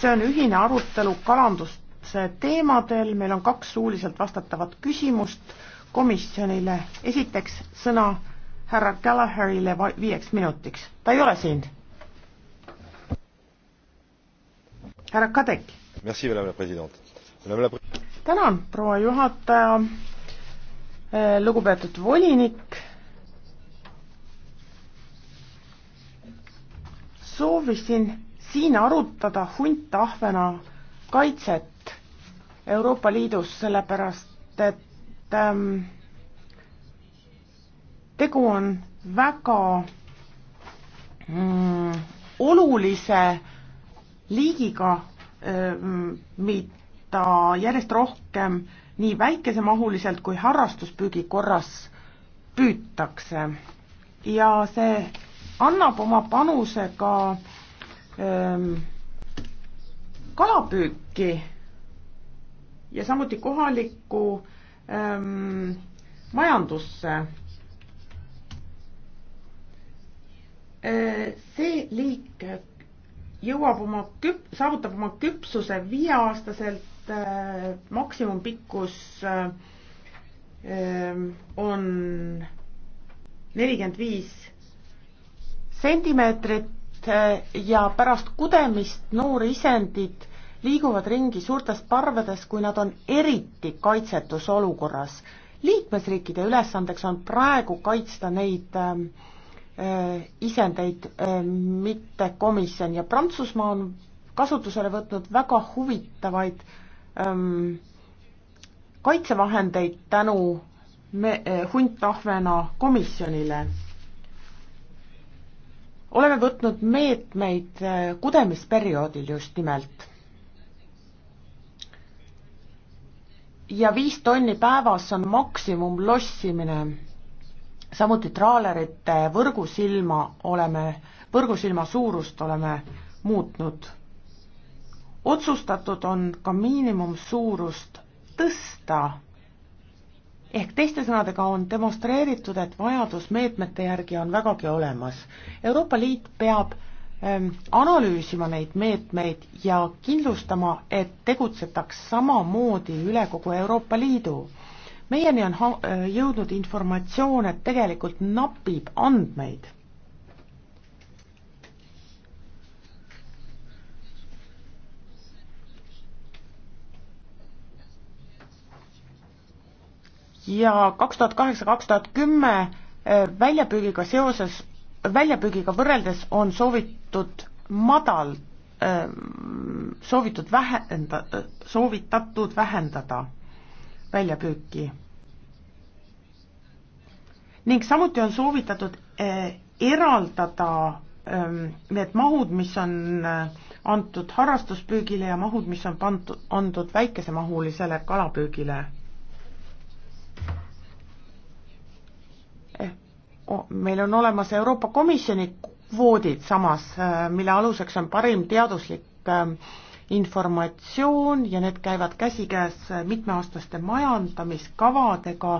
see on ühine arutelu kalanduse teemadel, meil on kaks suuliselt vastatavat küsimust komisjonile. esiteks sõna härra Gallaherile viieks minutiks, ta ei ole siin. härra Kadek. tänan, proua juhataja, eh, lugupeetud volinik soovisin siin arutada huntahvena kaitset Euroopa Liidus, sellepärast et ähm, tegu on väga mm, olulise liigiga ähm,, mida järjest rohkem nii väikesemahuliselt kui harrastuspüügi korras püütakse. ja see annab oma panuse ka äh, kalapüüki ja samuti kohalikku ähm, majandusse. see liik jõuab oma küp-, saavutab oma küpsuse viieaastaselt äh,, maksimumpikkus äh, on nelikümmend viis sentimeetrit Eh, ja pärast kudemist noorisendid liiguvad ringi suurtes parvedes, kui nad on eriti kaitsetus olukorras. liikmesriikide ülesandeks on praegu kaitsta neid äh, isendeid äh,, mitte komisjon ja Prantsusmaa on kasutusele võtnud väga huvitavaid ähm, kaitsevahendeid tänu me- äh,, huntahvena komisjonile oleme võtnud meetmeid äh, kudemisperioodil just nimelt. ja viis tonni päevas on maksimum lossimine. samuti traalerite võrgusilma oleme, võrgusilma suurust oleme muutnud. otsustatud on ka miinimumsuurust tõsta ehk teiste sõnadega on demonstreeritud, et vajadus meetmete järgi on vägagi olemas. Euroopa Liit peab ähm, analüüsima neid meetmeid ja kindlustama, et tegutsetaks samamoodi üle kogu Euroopa Liidu. meieni on äh, jõudnud informatsioon, et tegelikult napib andmeid ja kaks tuhat kaheksa, kaks tuhat kümme eh, väljapüügiga seoses, väljapüügiga võrreldes on soovitud madal, eh, soovitud vähenda, soovitatud vähendada väljapüüki. ning samuti on soovitatud eh, eraldada need mahud, mis on antud harrastuspüügile ja mahud, mis on pandud, andnud väikesemahulisele kalapüügile Eh, meil on olemas Euroopa Komisjoni kvoodid samas, eh, mille aluseks on parim teaduslik eh, informatsioon ja need käivad käsikäes mitmeaastaste majandamiskavadega,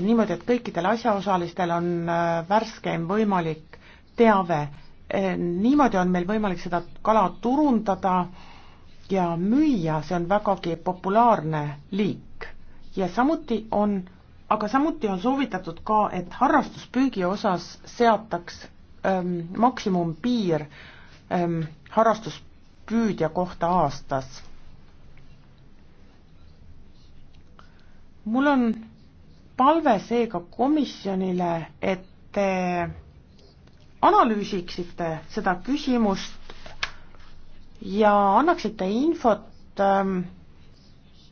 niimoodi, et kõikidel asjaosalistel on värskeim võimalik teave. niimoodi on meil võimalik seda kala turundada ja müüa, see on vägagi populaarne liik. ja samuti on aga samuti on soovitatud ka, et harrastuspüügi osas seataks ähm, maksimumpiir ähm, harrastuspüüdja kohta aastas. mul on palve seega komisjonile, et te analüüsiksite seda küsimust ja annaksite infot ähm,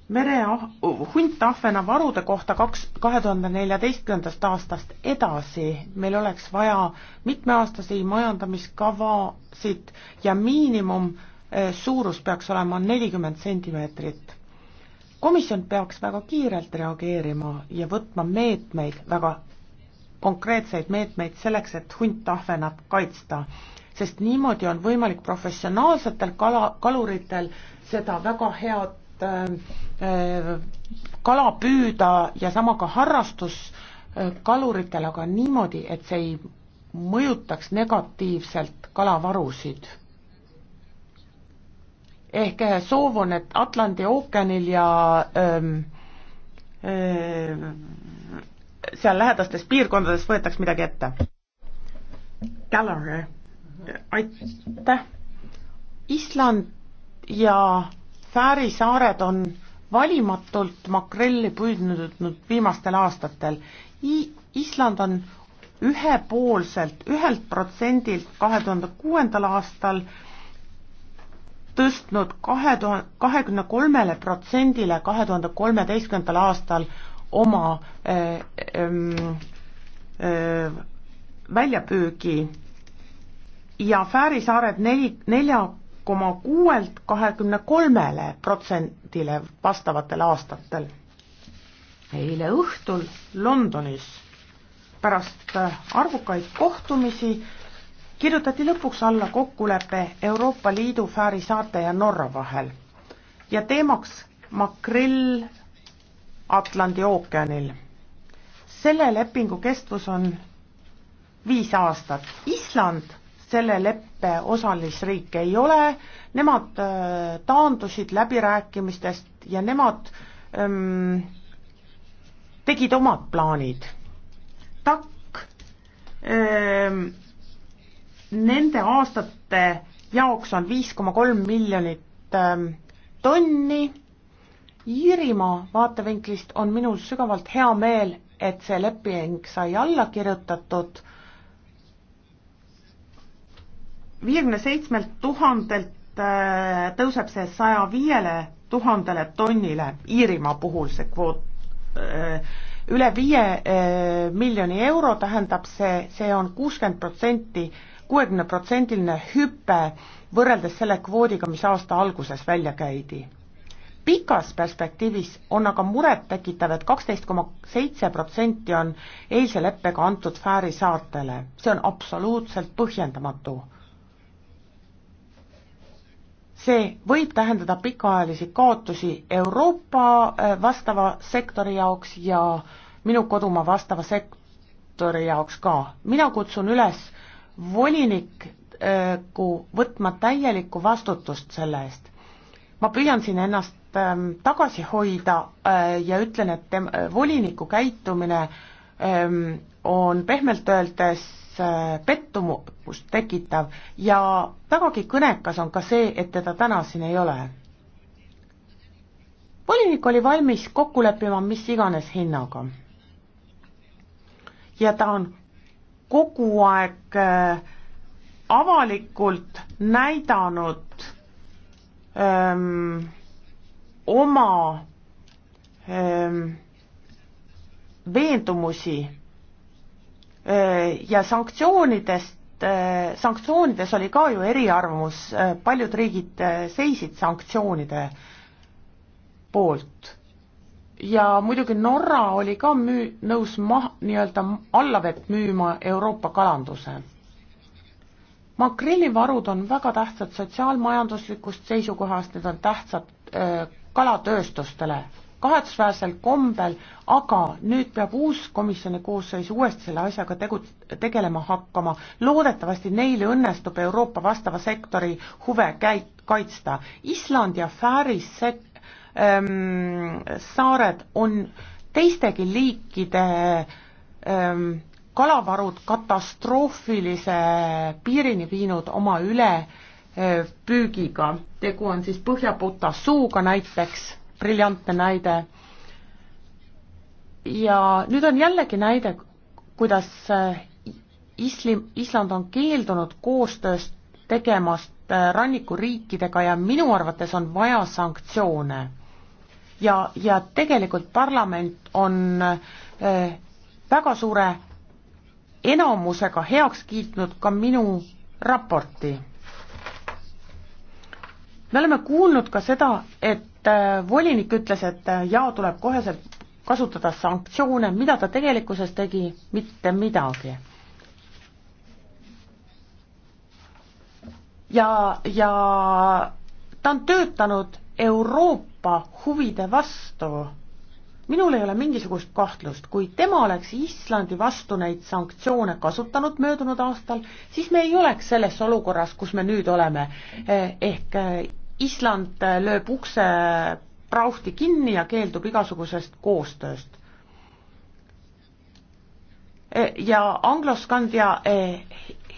mere hunt ahvena varude kohta kaks, kahe tuhande neljateistkümnendast aastast edasi meil oleks vaja mitmeaastasi majandamiskavasid ja miinimum eh, suurus peaks olema nelikümmend sentimeetrit. komisjon peaks väga kiirelt reageerima ja võtma meetmeid, väga konkreetseid meetmeid selleks, et hunt ahvenat kaitsta sest niimoodi on võimalik professionaalsetel kala, kaluritel seda väga head Äh, äh, kala püüda ja sama ka harrastus äh, kaluritel, aga niimoodi, et see ei mõjutaks negatiivselt kalavarusid. ehk soov on, et Atlandi ookeanil ja öö, ähm, öö, seal lähedastes piirkondades võetaks midagi ette. Gallagher, aitäh. Island ja Fääri saared on valimatult makrelli püüdnud viimastel aastatel. Island on ühepoolselt ühelt protsendilt kahe tuhande kuuendal aastal tõstnud kahe tuhande, kahekümne kolmele protsendile kahe tuhande kolmeteistkümnendal aastal oma öö, öö, öö, väljapüügi ja Fääri saared neli, nelja koma kuuelt kahekümne kolmele protsendile vastavatel aastatel. eile õhtul Londonis pärast äh, arvukaid kohtumisi kirjutati lõpuks alla kokkulepe Euroopa Liidu Fääri saarte ja Norra vahel ja teemaks makrill Atlandi ookeanil. selle lepingu kestvus on viis aastat. Island selle leppe osalisriik ei ole, nemad äh, taandusid läbirääkimistest ja nemad öm, ähm, tegid omad plaanid. takk öm, ähm, nende aastate jaoks on viis koma kolm miljonit öm, ähm, tonni. Iirimaa vaatevinklist on minul sügavalt hea meel, et see leping sai alla kirjutatud viiekümne seitsmelt tuhandelt äh, tõuseb see saja viiele tuhandele tonnile Iirimaa puhul see kvoot äh, üle viie äh, miljoni euro tähendab see, see on kuuskümmend protsenti, kuuekümneprotsendiline hüpe võrreldes selle kvoodiga, mis aasta alguses välja käidi. pikas perspektiivis on aga murettekitav, et kaksteist koma seitse protsenti on eilse leppega antud Fääri saartele, see on absoluutselt põhjendamatu see võib tähendada pikaajalisi kaotusi Euroopa äh, vastava sektori jaoks ja minu kodumaa vastava sektori jaoks ka. mina kutsun üles volinikku äh, võtma täielikku vastutust selle eest. ma püüan siin ennast ähm, tagasi hoida äh, ja ütlen, et voliniku käitumine ähm, on pehmelt öeldes Äh, pettumust tekitav ja vägagi kõnekas on ka see, et teda täna siin ei ole. volinik oli valmis kokku leppima mis iganes hinnaga. ja ta on kogu aeg äh, avalikult näidanud öö, ähm, oma öö, ähm, veendumusi ja sanktsioonidest, sanktsioonides oli ka ju eriarvamus, paljud riigid seisid sanktsioonide poolt. ja muidugi Norra oli ka müü-, nõus ma-, nii-öelda allavett müüma Euroopa kalanduse. makrillivarud on väga tähtsad sotsiaalmajanduslikust seisukohast, need on tähtsad öö, äh, kalatööstustele kahetsusväärsel kombel, aga nüüd peab uus komisjoni koosseis uuesti selle asjaga tegu-, tegelema hakkama. loodetavasti neil õnnestub Euroopa vastava sektori huve käi-, kaitsta. Islandi afääris see ähm, saared on teistegi liikide ähm, kalavarud katastroofilise piirini viinud oma ülepüügiga äh,. tegu on siis põhjaputa suuga näiteks briljantne näide. ja nüüd on jällegi näide, kuidas äh, islim, Island on keeldunud koostööst tegemast äh, rannikuriikidega ja minu arvates on vaja sanktsioone. ja, ja tegelikult parlament on äh, väga suure enamusega heaks kiitnud ka minu raporti me oleme kuulnud ka seda, et äh, volinik ütles, et äh, jaa, tuleb koheselt kasutada sanktsioone, mida ta tegelikkuses tegi, mitte midagi. ja, ja ta on töötanud Euroopa huvide vastu minul ei ole mingisugust kahtlust, kui tema oleks Islandi vastu neid sanktsioone kasutanud möödunud aastal, siis me ei oleks selles olukorras, kus me nüüd oleme. Eh, ehk eh, Island eh, lööb ukse prauhti kinni ja keeldub igasugusest koostööst. ja Angloskandia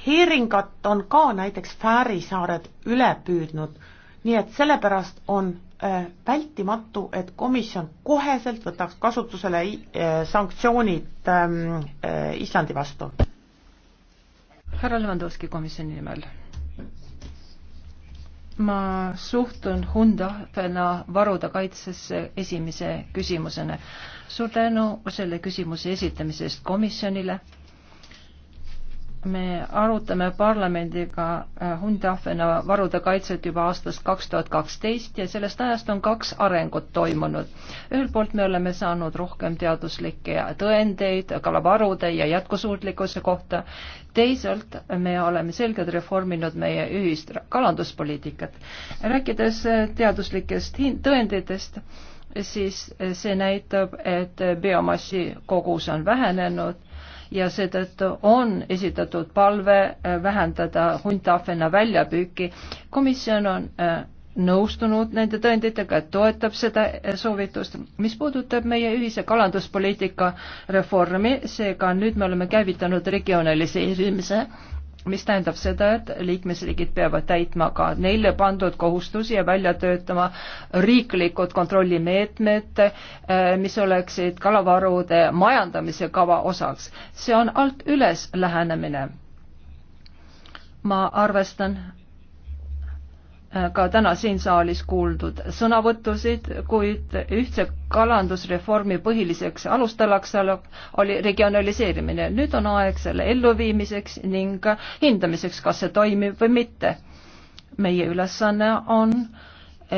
heeringat on ka näiteks Fääri saared üle püüdnud, nii et sellepärast on Äh, vältimatu, et komisjon koheselt võtaks kasutusele äh, sanktsioonid ähm, äh, Islandi vastu. härra Levandovski komisjoni nimel. ma suhtun hundahvena varude kaitsesse esimese küsimusena. suur tänu selle küsimuse esitamisest komisjonile me arutame parlamendiga äh, Hundafena varude kaitset juba aastast kaks tuhat kaksteist ja sellest ajast on kaks arengut toimunud. ühelt poolt me oleme saanud rohkem teaduslikke tõendeid kalavarude ja jätkusuutlikkuse kohta, teisalt me oleme selgelt reforminud meie ühist kalanduspoliitikat. rääkides teaduslikest tõenditest, siis see näitab, et biomassi kogus on vähenenud ja seetõttu on esitatud palve äh, vähendada Huntafena väljapüüki. komisjon on äh, nõustunud nende tõenditega, et toetab seda äh, soovitust. mis puudutab meie ühise kalanduspoliitika reformi, seega nüüd me oleme käivitanud regionaliseerimise mis tähendab seda, et liikmesriigid peavad täitma ka neile pandud kohustusi ja välja töötama riiklikud kontrollimeetmed, eh, mis oleksid kalavarude majandamise kava osaks. see on alt üles lähenemine. ma arvestan ka täna siin saalis kuuldud sõnavõttusid, kuid ühtse kalandusreformi põhiliseks alustalaks oli regionaliseerimine. nüüd on aeg selle elluviimiseks ning hindamiseks, kas see toimib või mitte. meie ülesanne on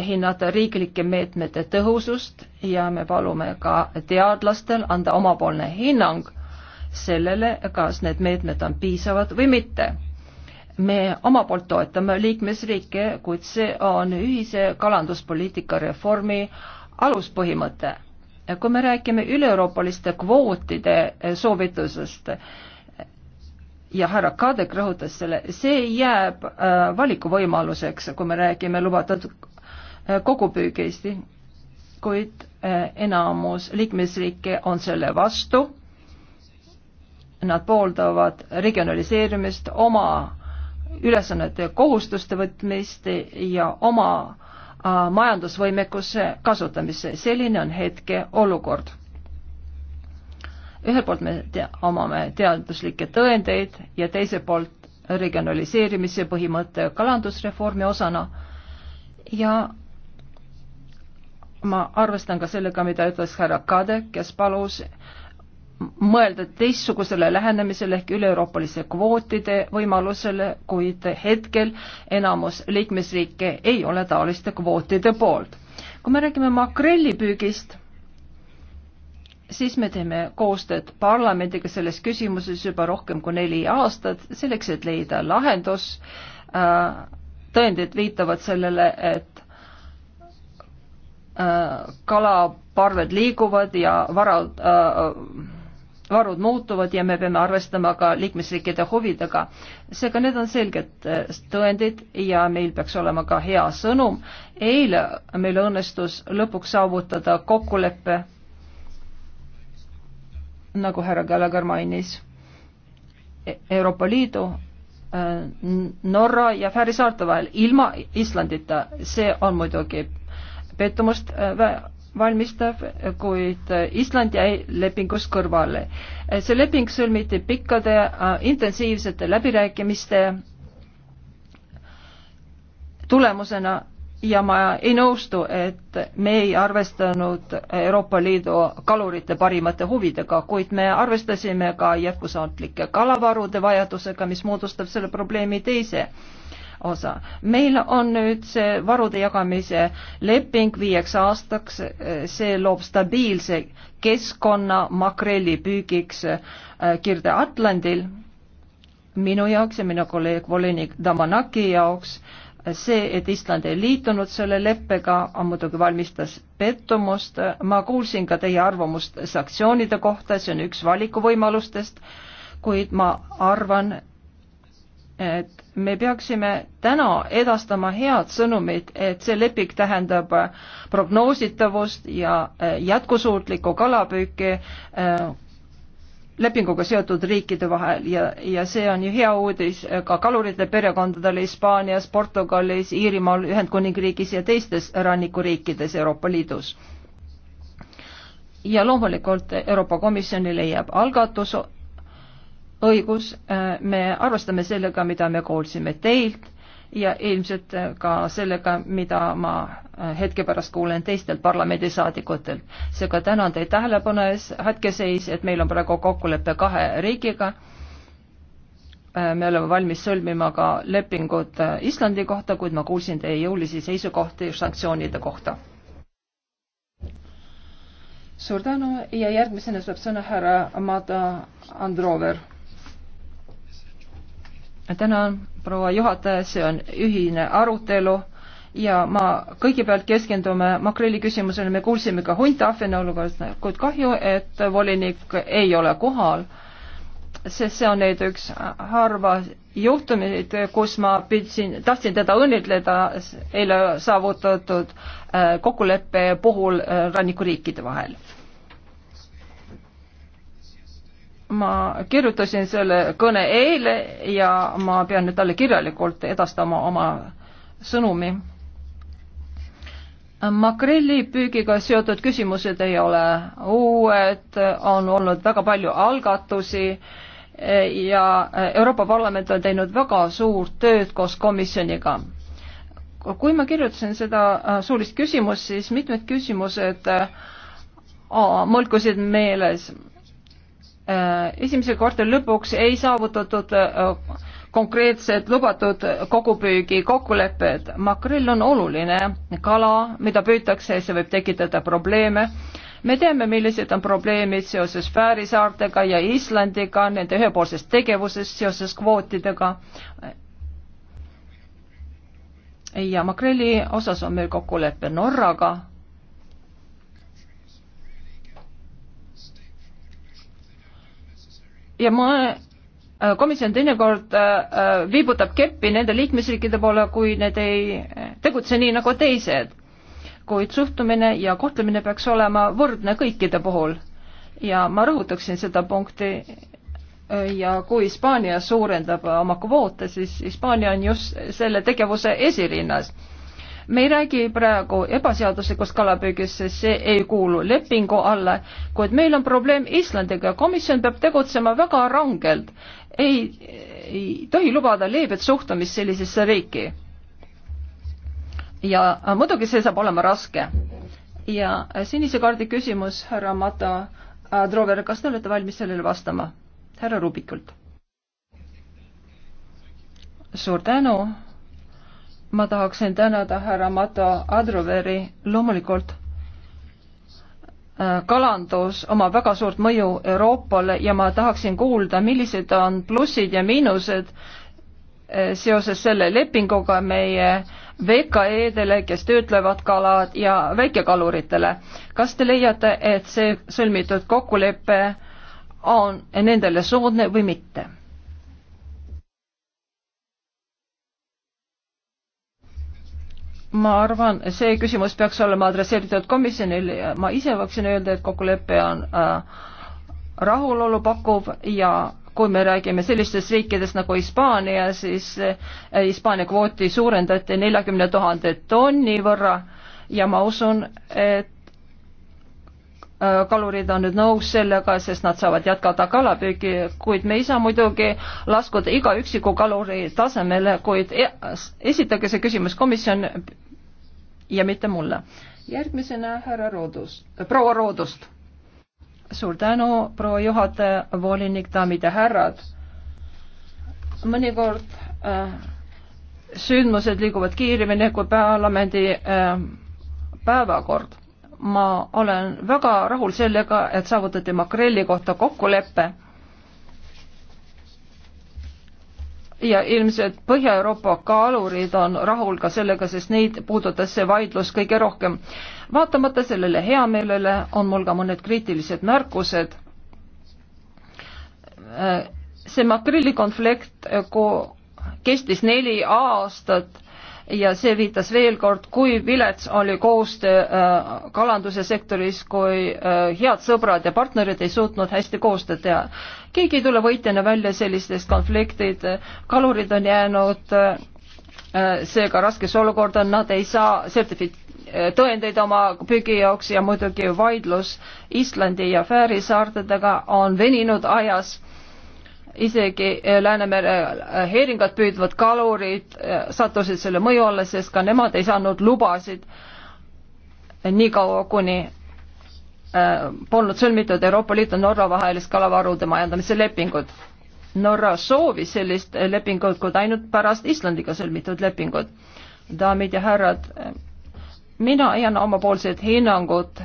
hinnata riiklike meetmete tõhusust ja me palume ka teadlastel anda omapoolne hinnang sellele, kas need meetmed on piisavad või mitte me oma poolt toetame liikmesriike, kuid see on ühise kalanduspoliitika reformi aluspõhimõte. kui me räägime üleeuroopaliste kvootide soovitusest ja härra Kadek rõhutas selle, see jääb äh, valikuvõimaluseks, kui me räägime lubatud äh, kogupüügist, kuid äh, enamus liikmesriike on selle vastu. Nad pooldavad regionaliseerimist oma ülesannete ja kohustuste võtmist ja oma äh, majandusvõimekuse kasutamisse. selline on hetke olukord. ühelt poolt me te omame teaduslikke tõendeid ja teiselt poolt regionaliseerimise põhimõte kalandusreformi osana ja ma arvestan ka sellega, mida ütles härra Kade, kes palus mõelda teistsugusele lähenemisele ehk üle-euroopalise kvootide võimalusele, kuid hetkel enamus liikmesriike ei ole taoliste kvootide poolt. kui me räägime makrellipüügist, siis me teeme koostööd parlamendiga selles küsimuses juba rohkem kui neli aastat, selleks et leida lahendus. Äh, tõendid viitavad sellele, et äh, kalaparved liiguvad ja varad äh, varud muutuvad ja me peame arvestama ka liikmesriikide huvidega. seega need on selged äh, tõendid ja meil peaks olema ka hea sõnum. eile meil õnnestus lõpuks saavutada kokkulepe, nagu härra Gallagher mainis, e-, Euroopa Liidu äh, Norra ja Fääri saarte vahel ilma Islandita, see on muidugi pettumust äh, valmistav, kuid Island jäi lepingust kõrvale. see leping sõlmiti pikkade äh, intensiivsete läbirääkimiste tulemusena ja ma ei nõustu, et me ei arvestanud Euroopa Liidu kalurite parimate huvidega, kuid me arvestasime ka jätkusuutlike kalavarude vajadusega, mis moodustab selle probleemi teise osa. meil on nüüd see varude jagamise leping viieks aastaks, see loob stabiilse keskkonna makrelli püügiks äh, Kirde-Atlandil. minu jaoks ja minu kolleeg volinik Damanaki jaoks see, et Island ei liitunud selle leppega, muidugi valmistas pettumust. ma kuulsin ka teie arvamust sanktsioonide kohta, see on üks valikuvõimalustest, kuid ma arvan, et me peaksime täna edastama head sõnumit, et see leping tähendab äh, prognoositavust ja äh, jätkusuutlikku kalapüüki äh, lepinguga seotud riikide vahel ja, ja see on ju hea uudis ka kalurite perekondadele Hispaanias, Portugalis, Iirimaal, Ühendkuningriigis ja teistes rannikuriikides Euroopa Liidus. ja loomulikult Euroopa Komisjoni leiab algatus õigus, äh, me arvestame sellega, mida me kuulsime teilt ja ilmselt äh, ka sellega, mida ma äh, hetke pärast kuulen teistel parlamendisaadikutel. seega tänan teid tähelepanu ees, hetkeseis, et meil on praegu kokkulepe kahe riigiga, me oleme valmis sõlmima ka lepingud Islandi kohta, kuid ma kuulsin teie jõulisi seisukohti sanktsioonide kohta. suur tänu ja järgmisena saab sõna härra Amada Androver tänan, proua juhataja, see on ühine arutelu ja ma kõigepealt keskendume makrelli küsimusele, me kuulsime ka Huntafeni olukorda, kuid kahju, et volinik ei ole kohal, sest see on neid üks harva juhtumeid, kus ma pidsin, tahtsin teda õnnitleda eile saavutatud äh, kokkuleppe puhul äh, rannikuriikide vahel ma kirjutasin selle kõne eile ja ma pean nüüd talle kirjalikult edastama oma sõnumi. makrelli püügiga seotud küsimused ei ole uued, on olnud väga palju algatusi ja Euroopa Parlament on teinud väga suurt tööd koos komisjoniga. kui ma kirjutasin seda suulist küsimust, siis mitmed küsimused äh, mõlkusid meeles Äh, esimese kvartali lõpuks ei saavutatud äh, konkreetsed lubatud kogupüügi kokkulepped. makrell on oluline kala, mida püütakse, see võib tekitada probleeme. me teame, millised on probleemid seoses Fääri saartega ja Islandiga, nende ühepoolses tegevuses seoses kvootidega. ja makrelli osas on meil kokkulepe Norraga ja ma äh, komisjon teinekord äh, äh, viibutab keppi nende liikmesriikide poole, kui need ei tegutse nii nagu teised. kuid suhtumine ja kohtlemine peaks olema võrdne kõikide puhul. ja ma rõhutaksin seda punkti ja kui Hispaania suurendab oma kvoote, siis Hispaania on just selle tegevuse esirinnas me ei räägi praegu ebaseaduslikust kalapüügist, sest see ei kuulu lepingu alla, kuid meil on probleem Islandiga, komisjon peab tegutsema väga rangelt. ei, ei tohi lubada leebet suhtumist sellisesse riiki. ja äh, muidugi see saab olema raske. ja äh, sinise kaardi küsimus, härra Mata äh, Drover, kas te olete valmis sellele vastama? härra Rubikult. suur tänu ma tahaksin tänada härra Mato Adroveri loomulikult äh, kalandus omab väga suurt mõju Euroopale ja ma tahaksin kuulda, millised on plussid ja miinused äh, seoses selle lepinguga meie VKE-dele, kes töötlevad kalad ja väikekaluritele. kas te leiate, et see sõlmitud kokkulepe on nendele soodne või mitte? ma arvan, see küsimus peaks olema adresseeritud komisjonile ja ma ise võiksin öelda, et kokkulepe on äh, rahulolu pakkuv ja kui me räägime sellistest riikidest nagu Hispaania, siis äh, Hispaania kvooti suurendati neljakümne tuhande tonni võrra ja ma usun, et Äh, kalurid on nüüd nõus sellega, sest nad saavad jätkata kalapüügi, kuid me ei saa muidugi laskuda iga üksiku kaluri tasemele, kuid e-, esitage see küsimus komisjon ja mitte mulle. järgmisena härra Roodus, äh, proua Roodust. suur tänu, proua juhataja, volinik, daamid ja härrad. mõnikord äh, sündmused liiguvad kiiremini kui parlamendi äh, päevakord ma olen väga rahul sellega, et saavutati makrelli kohta kokkulepe ja ilmselt Põhja-Euroopa kaalurid on rahul ka sellega, sest neid puudutas see vaidlus kõige rohkem. vaatamata sellele heameelele on mul ka mõned kriitilised märkused. Äh, see makrillikonflikt äh, kestis neli aastat ja see viitas veel kord, kui vilets oli koostöö äh, kalanduse sektoris, kui äh, head sõbrad ja partnerid ei suutnud hästi koostööd teha. keegi ei tule võitjana välja sellistest konfliktid, kalurid on jäänud äh, seega raskesse olukorda, nad ei saa sertifi-, tõendeid oma püügi jaoks ja muidugi vaidlus Islandi ja Fääri saartedega on veninud ajas isegi eh, Läänemere eh, heeringat püüdvad kalurid eh, sattusid selle mõju alla, sest ka nemad ei saanud lubasid niikaua, kuni polnud sõlmitud Euroopa Liidu Norra vahelist kalavarude majandamise lepingut. Norra soovis sellist lepingut, kuid ainult pärast Islandiga sõlmitud lepingut. daamid ja härrad, mina ei anna omapoolset hinnangut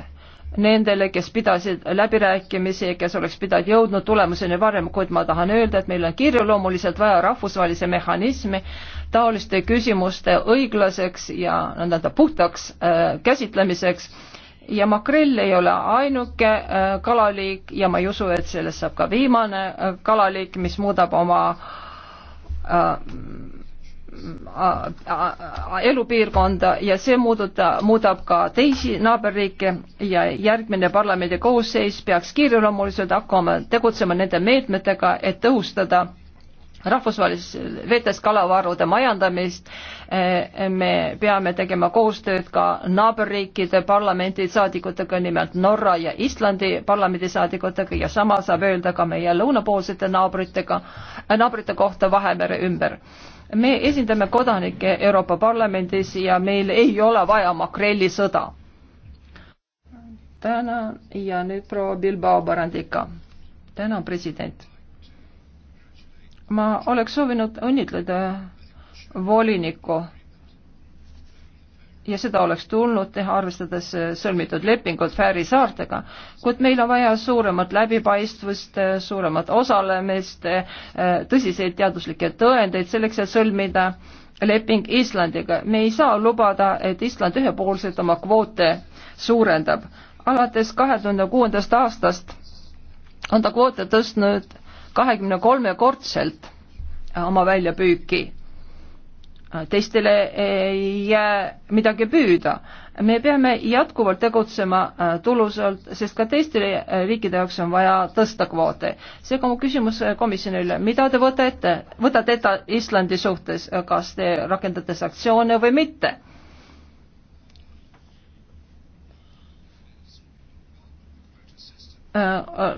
nendele, kes pidasid läbirääkimisi ja kes oleks pidanud jõudnud tulemuseni varem, kuid ma tahan öelda, et meil on kiireloomuliselt vaja rahvusvahelise mehhanismi taoliste küsimuste õiglaseks ja nõnda puhtaks äh, käsitlemiseks ja makrell ei ole ainuke äh, kalaliik ja ma ei usu, et sellest saab ka viimane äh, kalaliik, mis muudab oma äh, elupiirkonda ja see muududa, muudab ka teisi naaberriike ja järgmine parlamendi koosseis peaks kiireloomuliselt hakkama tegutsema nende meetmetega, et tõhustada rahvusvahelises vetes kalavarude majandamist. Eh, me peame tegema koostööd ka naaberriikide parlamendisaadikutega, nimelt Norra ja Islandi parlamendisaadikutega ja sama saab öelda ka meie lõunapoolsete naabritega, eh, naabrite kohta Vahemere ümber me esindame kodanikke Euroopa Parlamendis ja meil ei ole vaja makrellisõda. tänan ja nüüd proua Bilbao Barandika. tänan, president. ma oleks soovinud õnnitleda volinikku ja seda oleks tulnud teha, arvestades äh, sõlmitud lepingut Fääri saartega, kuid meil on vaja suuremat läbipaistvust, äh, suuremat osalemist, äh, tõsiseid teaduslikke tõendeid selleks, et sõlmida leping Islandiga. me ei saa lubada, et Island ühepoolselt oma kvoote suurendab. alates kahe tuhande kuuendast aastast on ta kvoote tõstnud kahekümne kolmekordselt oma väljapüüki Äh, teistele ei jää midagi püüda. me peame jätkuvalt tegutsema äh, tulusalt, sest ka teistele äh, riikide jaoks on vaja tõsta kvoote. seega mu küsimus komisjonile, mida te võtate ette, võtate ette Islandi suhtes, kas te rakendate sanktsioone või mitte?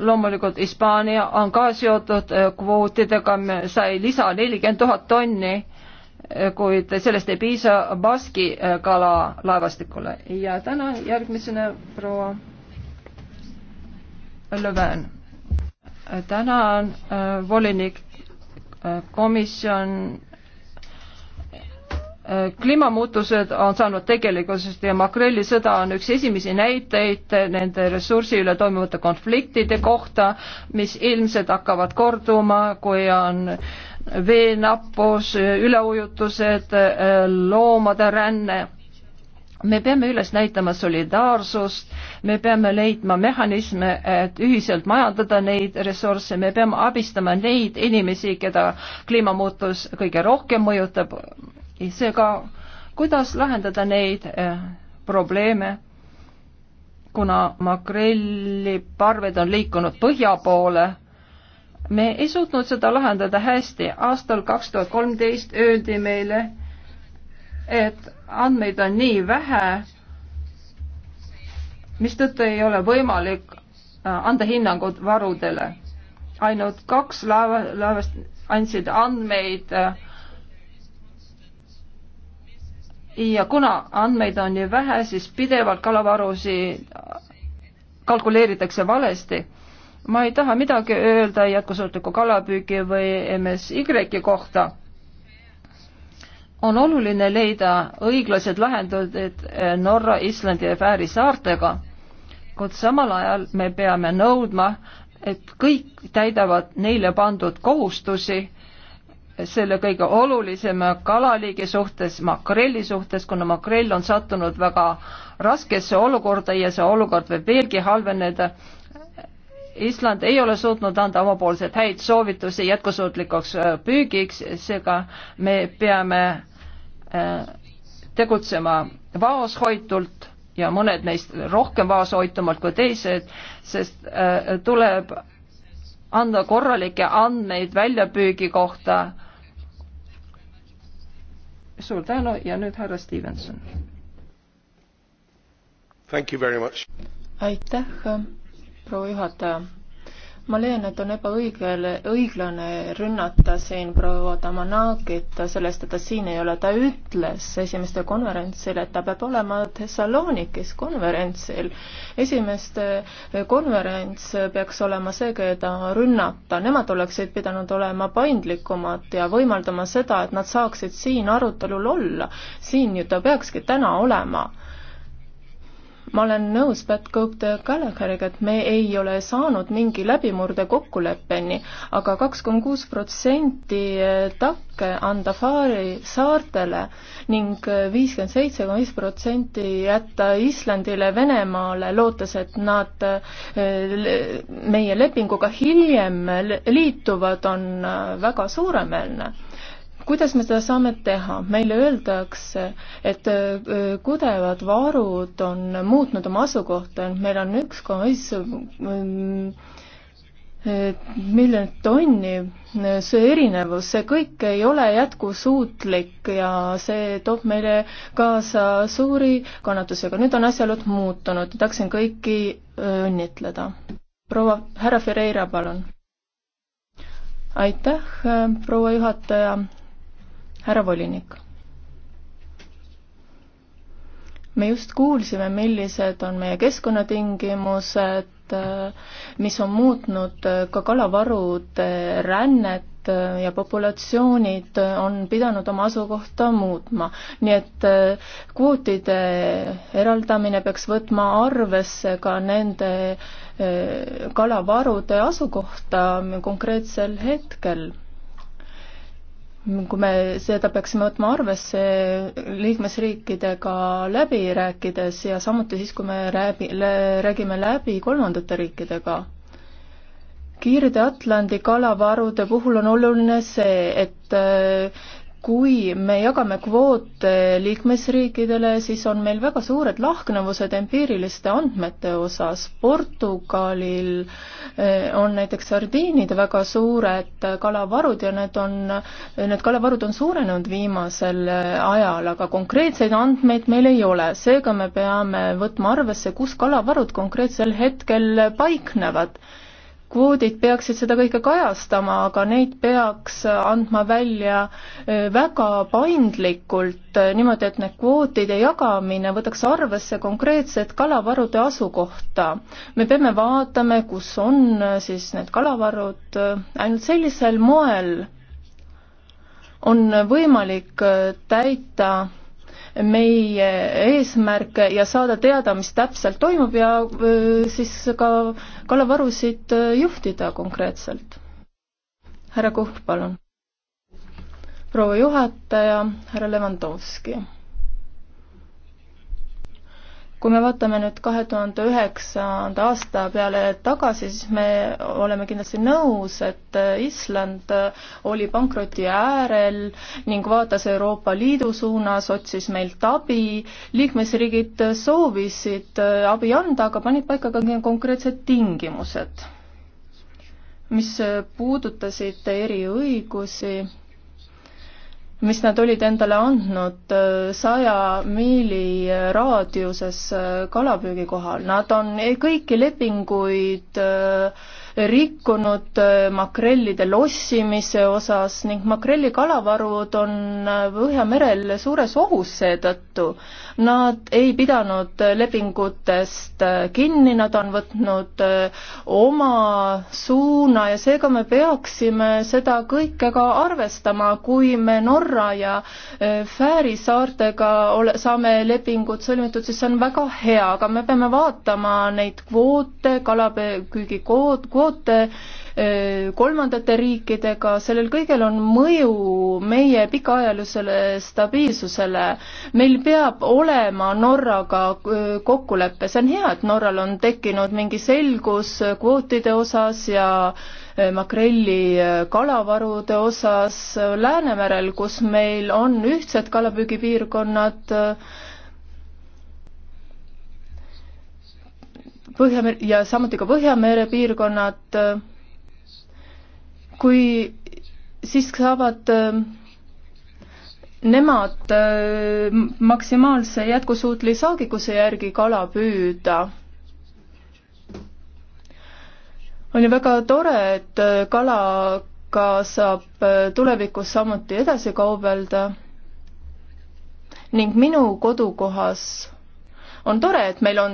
loomulikult Hispaania on ka seotud kvootidega, sai lisa nelikümmend tuhat tonni kuid sellest ei piisa Baski äh, kala laevastikule. ja täna järgmisena proua Löfven. täna on äh, volinik äh, komisjon äh, kliimamuutused on saanud tegelikkusest ja makrelli sõda on üks esimesi näiteid nende ressursi üle toimuvate konfliktide kohta, mis ilmselt hakkavad korduma, kui on äh, veenappus, üleujutused, loomade ränne. me peame üles näitama solidaarsust, me peame leidma mehhanisme, et ühiselt majandada neid ressursse, me peame abistama neid inimesi, keda kliimamuutus kõige rohkem mõjutab. seega, kuidas lahendada neid eh, probleeme, kuna makrelliparved on liikunud põhja poole me ei suutnud seda lahendada hästi. aastal kaks tuhat kolmteist öeldi meile, et andmeid on nii vähe, mistõttu ei ole võimalik äh, anda hinnangut varudele. ainult kaks laeva, laevast andsid andmeid äh, ja kuna andmeid on nii vähe, siis pidevalt kalavarusid äh, kalkuleeritakse valesti ma ei taha midagi öelda jätkusuutliku kalapüügi või MSY kohta. on oluline leida õiglased lahendused eh, Norra, Islandi ja Fääri saartega, kuid samal ajal me peame nõudma, et kõik täidavad neile pandud kohustusi selle kõige olulisema kalaliigi suhtes, makrelli suhtes, kuna makrell on sattunud väga raskesse olukorda ja see olukord võib veelgi halveneda Island ei ole suutnud anda omapoolseid häid soovitusi jätkusuutlikuks äh, püügiks, seega me peame äh, tegutsema vaoshoitult ja mõned neist rohkem vaoshoitumalt kui teised, sest äh, tuleb anda korralikke andmeid väljapüügi kohta. suur tänu ja nüüd härra Stevenson. aitäh proua juhataja, ma leian, et on ebaõigele, õiglane rünnata siin proua Tamanakit sellest, et ta siin ei ole. ta ütles esimeste konverentsil, et ta peab olema Thessalonikis konverentsil. esimeste konverents peaks olema see, keda rünnata. Nemad oleksid pidanud olema paindlikumad ja võimaldama seda, et nad saaksid siin arutelul olla. siin ju ta peakski täna olema ma olen nõus Pat Cope Gallagheriga, et me ei ole saanud mingi läbimurde kokkuleppeni, aga kaks koma kuus protsenti eh, takke anda Faari saartele ning eh, viiskümmend seitse koma viis protsenti jätta Islandile, Venemaale, lootes, et nad eh, meie lepinguga hiljem liituvad, on väga suuremeelne kuidas me seda saame teha? meile öeldakse, et äh, äh, kudevad varud on muutnud oma asukohta, et meil on üks koma viis mm, miljonit tonni, see erinevus, see kõik ei ole jätkusuutlik ja see toob meile kaasa suuri kannatusi, aga nüüd on asjaolud muutunud, tahaksin kõiki äh, õnnitleda. proua, härra Ferreira, palun. aitäh, proua juhataja, härra volinik. me just kuulsime, millised on meie keskkonnatingimused, mis on muutnud ka kalavarude rännet ja populatsioonid on pidanud oma asukohta muutma. nii et eh, kvootide eraldamine peaks võtma arvesse ka nende eh, kalavarude asukohta konkreetsel hetkel kui me seda peaksime võtma arvesse liikmesriikidega läbi rääkides ja samuti siis, kui me rääbi, räägime läbi kolmandate riikidega. Kirde-Atlandi kalavarude puhul on oluline see, et kui me jagame kvoote liikmesriikidele, siis on meil väga suured lahknevused empiiriliste andmete osas. Portugalil eh, on näiteks sardiinid väga suured eh, kalavarud ja need on, need kalavarud on suurenenud viimasel eh, ajal, aga konkreetseid andmeid meil ei ole. seega me peame võtma arvesse, kus kalavarud konkreetsel hetkel paiknevad kvoodid peaksid seda kõike kajastama, aga neid peaks andma välja äh, väga paindlikult, äh, niimoodi, et need kvootide jagamine võtaks arvesse konkreetset kalavarude asukohta. me peame vaatama, kus on äh, siis need kalavarud, ainult sellisel moel on võimalik täita meie eesmärk ja saada teada, mis täpselt toimub ja siis ka kalavarusid juhtida konkreetselt. härra Kuhk, palun. proua juhataja, härra Levanovski kui me vaatame nüüd kahe tuhande üheksanda aasta peale tagasi, siis me oleme kindlasti nõus, et Island oli pankroti äärel ning vaatas Euroopa Liidu suunas, otsis meilt abi, liikmesriigid soovisid abi anda, aga panid paika ka konkreetsed tingimused, mis puudutasid eriõigusi mis nad olid endale andnud äh, saja miili raadiuses äh, kalapüügi kohal. Nad on e-, kõiki lepinguid äh, rikkunud makrellide lossimise osas ning makrelli kalavarud on Põhjamerel suures ohus seetõttu. Nad ei pidanud lepingutest kinni, nad on võtnud äh, oma suuna ja seega me peaksime seda kõike ka arvestama, kui me Norra ja äh, Fääri saartega ole, saame lepingud sõlmitud, siis see on väga hea, aga me peame vaatama neid kvoote, kalapüügikvoote, kvoote kolmandate riikidega, sellel kõigel on mõju meie pikaajalisele stabiilsusele. meil peab olema Norraga kokkulepe, see on hea, et Norral on tekkinud mingi selgus kvootide osas ja makrelli kalavarude osas Läänemerel, kus meil on ühtsed kalapüügipiirkonnad, Põhjamere ja samuti ka Põhjamere piirkonnad kui siis saavad äh, nemad äh, maksimaalse jätkusuutli saagikuse järgi kala püüda on ju väga tore, et äh, kalaga saab tulevikus samuti edasi kaubelda ning minu kodukohas on tore, et meil on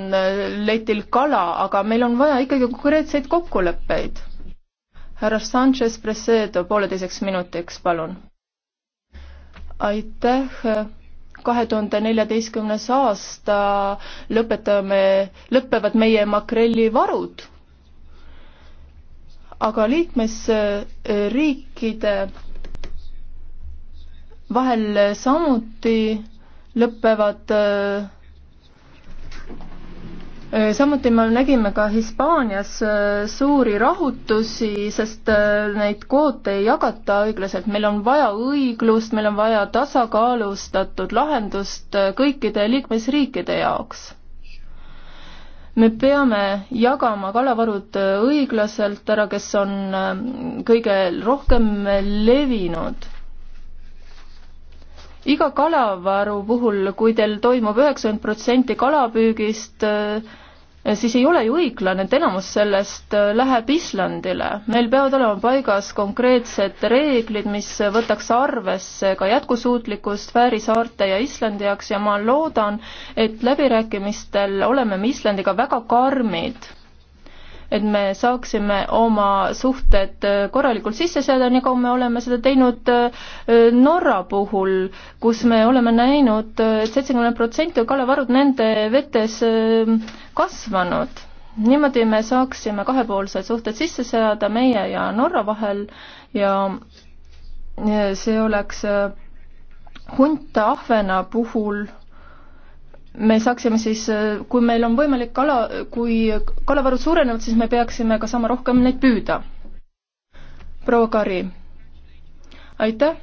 letil kala, aga meil on vaja ikkagi konkreetseid kokkuleppeid härra Sanchez Presedo pooleteiseks minutiks, palun. aitäh, kahe tuhande neljateistkümnes aasta lõpetame, lõpevad meie makrellivarud. aga liikmesriikide vahel samuti lõpevad äh, Äh, samuti me nägime ka Hispaanias äh, suuri rahutusi, sest äh, neid kvoote ei jagata õiglaselt, meil on vaja õiglust, meil on vaja tasakaalustatud lahendust kõikide liikmesriikide jaoks me peame jagama kalavarud õiglaselt ära, kes on ähm, kõige rohkem levinud. iga kalavaru puhul, kui teil toimub üheksakümmend protsenti kalapüügist, siis ei ole ju õiglane, et enamus sellest äh, läheb Islandile. meil peavad olema paigas konkreetsed reeglid, mis võtaks arvesse ka jätkusuutlikkust Fääri saarte ja Islandi jaoks ja ma loodan, et läbirääkimistel oleme me Islandiga väga karmid et me saaksime oma suhted äh, korralikult sisse seada, nagu me oleme seda teinud äh, Norra puhul, kus me oleme näinud et, äh, et seitsekümmend protsenti on kalavarud nende vetes kasvanud. niimoodi me saaksime kahepoolsed suhted sisse seada meie ja Norra vahel ja see oleks hunta ahvena puhul me saaksime siis, kui meil on võimalik kala, kui kalavarud suurenevad, siis me peaksime ka saama rohkem neid püüda. proua Kari, aitäh,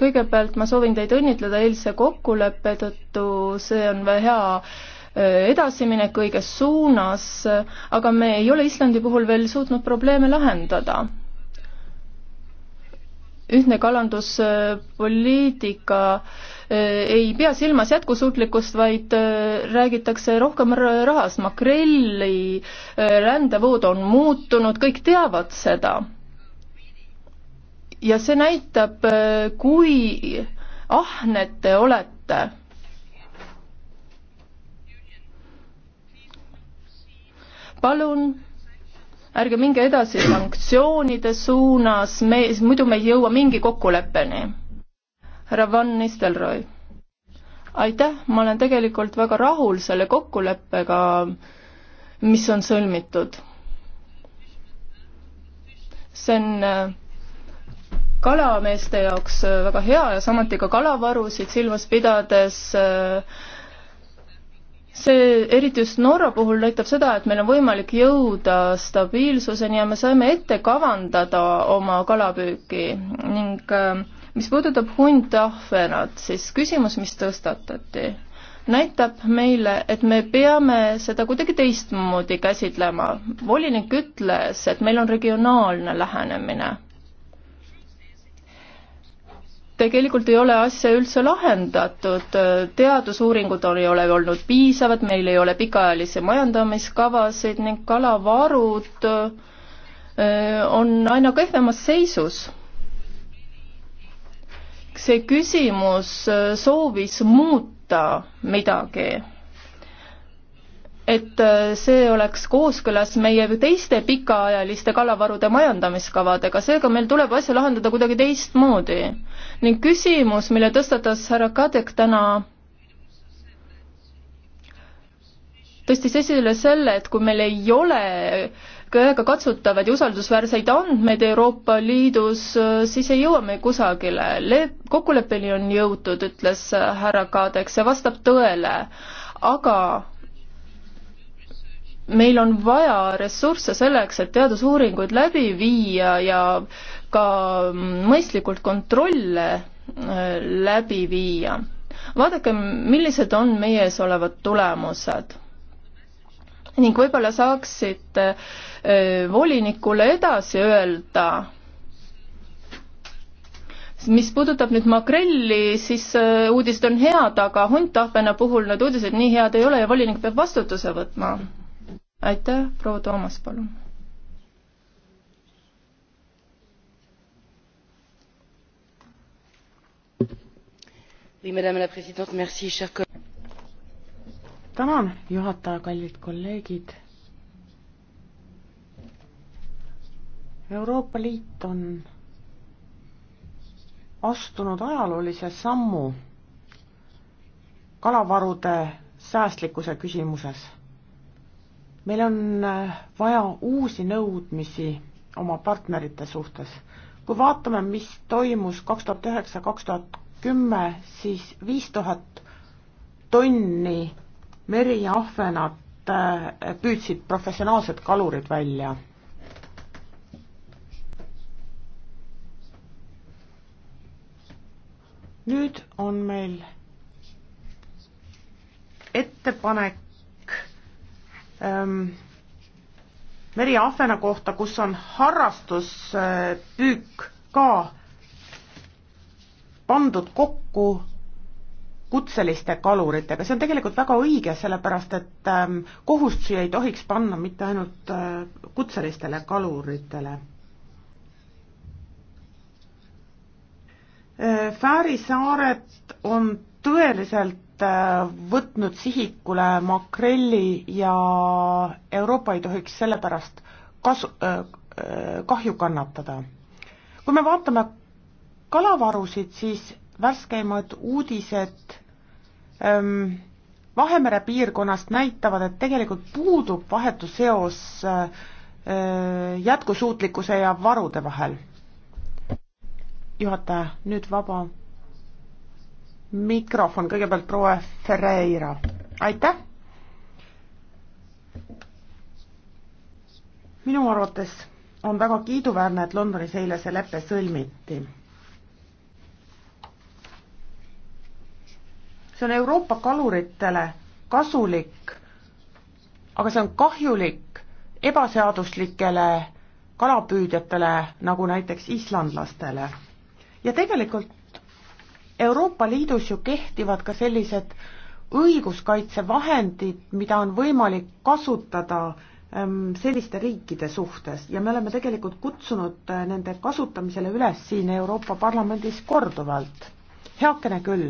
kõigepealt ma soovin teid õnnitleda eilse kokkuleppe tõttu, see on hea äh, edasiminek õiges suunas, aga me ei ole Islandi puhul veel suutnud probleeme lahendada ühtne kalanduspoliitika eh, ei pea silmas jätkusuutlikkust, vaid eh, räägitakse rohkem rahast, makrelli eh, rändevood on muutunud, kõik teavad seda. ja see näitab, kui ahned te olete palun ärge minge edasi sanktsioonide suunas, me, muidu me ei jõua mingi kokkuleppeni. härra Van Nistelrooy. aitäh, ma olen tegelikult väga rahul selle kokkuleppega, mis on sõlmitud. see on äh, kalameeste jaoks äh, väga hea ja samuti ka kalavarusid silmas pidades äh, see, eriti just Norra puhul näitab seda, et meil on võimalik jõuda stabiilsuseni ja me saime ette kavandada oma kalapüüki ning äh, mis puudutab hundahvenat, siis küsimus, mis tõstatati, näitab meile, et me peame seda kuidagi teistmoodi käsitlema. volinik ütles, et meil on regionaalne lähenemine tegelikult ei ole asja üldse lahendatud, teadusuuringud ei ole olnud piisavad, meil ei ole pikaajalisi majandamiskavasid ning kalavarud eh, on aina kehvemas seisus. see küsimus eh, soovis muuta midagi et äh, see oleks kooskõlas meie teiste pikaajaliste kalavarude majandamiskavadega, seega meil tuleb asja lahendada kuidagi teistmoodi. ning küsimus, mille tõstatas härra Kadek täna, tõstis esile selle, et kui meil ei ole käegakatsutavaid ja usaldusväärseid andmeid Euroopa Liidus, äh, siis ei jõua me kusagile. Le-, kokkuleppeni on jõutud, ütles härra Kadek, see vastab tõele, aga meil on vaja ressursse selleks, et teadusuuringuid läbi viia ja ka mõistlikult kontrolle äh, läbi viia. vaadake, millised on meie ees olevad tulemused. ning võib-olla saaksite äh, volinikule edasi öelda, mis puudutab nüüd makrelli, siis äh, uudised on head, aga huntahpena puhul need uudised nii head ei ole ja volinik peab vastutuse võtma aitäh, proua Toomas, palun. tänan, juhataja, kallid kolleegid. Euroopa Liit on astunud ajaloolise sammu kalavarude säästlikkuse küsimuses meil on äh, vaja uusi nõudmisi oma partnerite suhtes. kui vaatame, mis toimus kaks tuhat üheksa, kaks tuhat kümme, siis viis tuhat tonni meriahvenat äh, püüdsid professionaalsed kalurid välja. nüüd on meil ettepanek ähm, meriahvena kohta, kus on harrastuspüük eh, äh, ka pandud kokku kutseliste kaluritega, see on tegelikult väga õige, sellepärast et ähm, kohustusi ei tohiks panna mitte ainult äh, kutselistele kaluritele äh,. Fääri saared on tõeliselt Äh, võtnud sihikule makrelli ja Euroopa ei tohiks sellepärast kasu, äh, äh, kahju kannatada. kui me vaatame kalavarusid, siis värskeimad uudised ähm, Vahemere piirkonnast näitavad, et tegelikult puudub vahetu seos äh, jätkusuutlikkuse ja varude vahel. juhataja, nüüd vaba mikrofon kõigepealt proua Ferreira, aitäh. minu arvates on väga kiiduväärne, et Londonis eile see lepe sõlmiti. see on Euroopa kaluritele kasulik, aga see on kahjulik ebaseaduslikele kalapüüdjatele, nagu näiteks islandlastele. ja tegelikult Euroopa Liidus ju kehtivad ka sellised õiguskaitsevahendid, mida on võimalik kasutada ähm, selliste riikide suhtes ja me oleme tegelikult kutsunud äh, nende kasutamisele üles siin Euroopa Parlamendis korduvalt. heakene küll,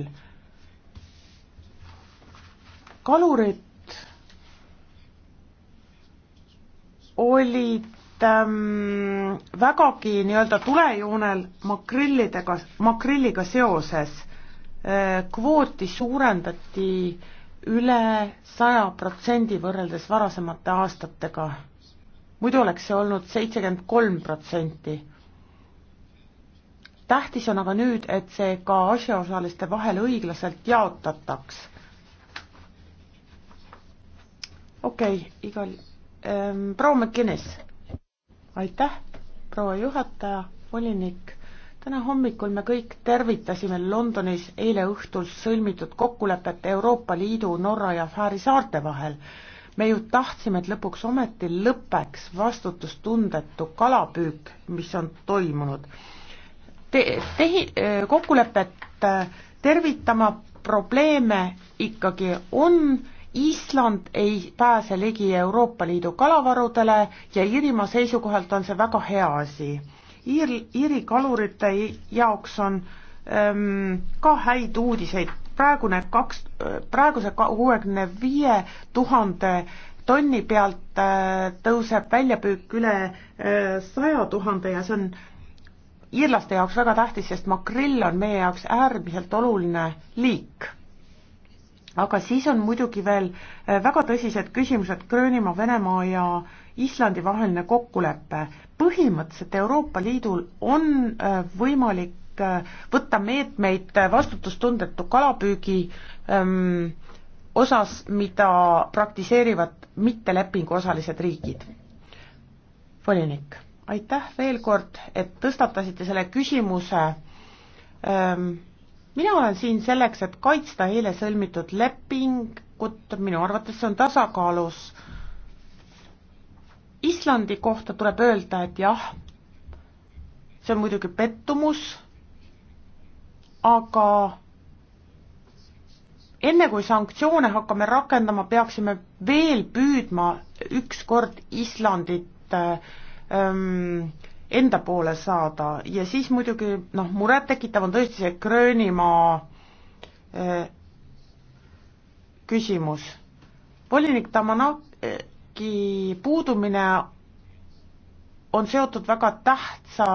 kalurid olid ähm, vägagi nii-öelda tulejoonel makrillidega, makrilliga seoses äh, kvooti suurendati üle saja protsendi võrreldes varasemate aastatega. muidu oleks see olnud seitsekümmend kolm protsenti. tähtis on aga nüüd, et see ka asjaosaliste vahel õiglaselt jaotataks. okei okay,, igal ähm,, proua McInnes aitäh, proua juhataja, volinik. täna hommikul me kõik tervitasime Londonis eile õhtul sõlmitud kokkulepet Euroopa Liidu, Norra ja Fääri saarte vahel. me ju tahtsime, et lõpuks ometi lõpeks vastutustundetu kalapüük, mis on toimunud. Te-, tehi-, kokkulepet tervitama probleeme ikkagi on Island ei pääse ligi Euroopa Liidu kalavarudele ja Iirimaa seisukohalt on see väga hea asi. Iir-, Iiri kalurite jaoks on ähm, ka häid uudiseid, praegune kaks, äh, praeguse kuuekümne viie tuhande tonni pealt äh, tõuseb väljapüük üle äh, saja äh, tuhande ja see on iirlaste jaoks väga tähtis, sest makrill on meie jaoks äärmiselt oluline liik aga siis on muidugi veel eh, väga tõsised küsimused Gröönimaa, Venemaa ja Islandi vaheline kokkulepe. põhimõtteliselt Euroopa Liidul on eh, võimalik eh, võtta meetmeid vastutustundetu kalapüügi öö, ehm, osas, mida praktiseerivad mittelepingu osalised riigid. volinik, aitäh veel kord, et tõstatasite selle küsimuse öö, ehm, mina olen siin selleks, et kaitsta eile sõlmitud lepingut, minu arvates see on tasakaalus. Islandi kohta tuleb öelda, et jah, see on muidugi pettumus, aga enne kui sanktsioone hakkame rakendama, peaksime veel püüdma ükskord Islandit äh, ähm, enda poole saada ja siis muidugi noh, murettekitav on tõesti see Gröönimaa eh, küsimus. volinik Tamanaki puudumine on seotud väga tähtsa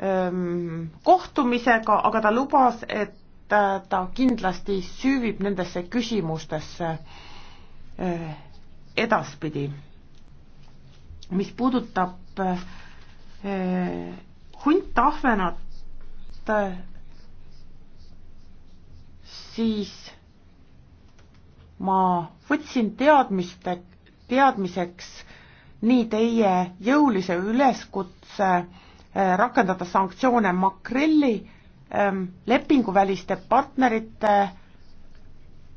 ehm, kohtumisega, aga ta lubas, et äh, ta kindlasti süüvib nendesse küsimustesse äh, edaspidi. mis puudutab Eh, hunt ahvenat, eh, siis ma võtsin teadmiste, teadmiseks nii teie jõulise üleskutse eh, rakendada sanktsioone makrelli lepinguväliste partnerite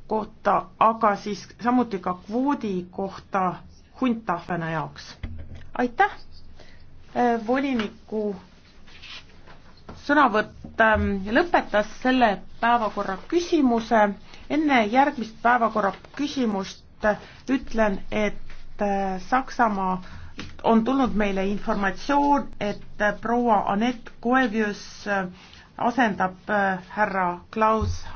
kohta, aga siis samuti ka kvoodi kohta huntahvena jaoks. aitäh! Äh, voliniku sõnavõtt ähm, lõpetas selle päevakorra küsimuse. enne järgmist päevakorra küsimust äh, ütlen, et äh, Saksamaa on tulnud meile informatsioon, et proua Anett Koevius asendab härra Klaus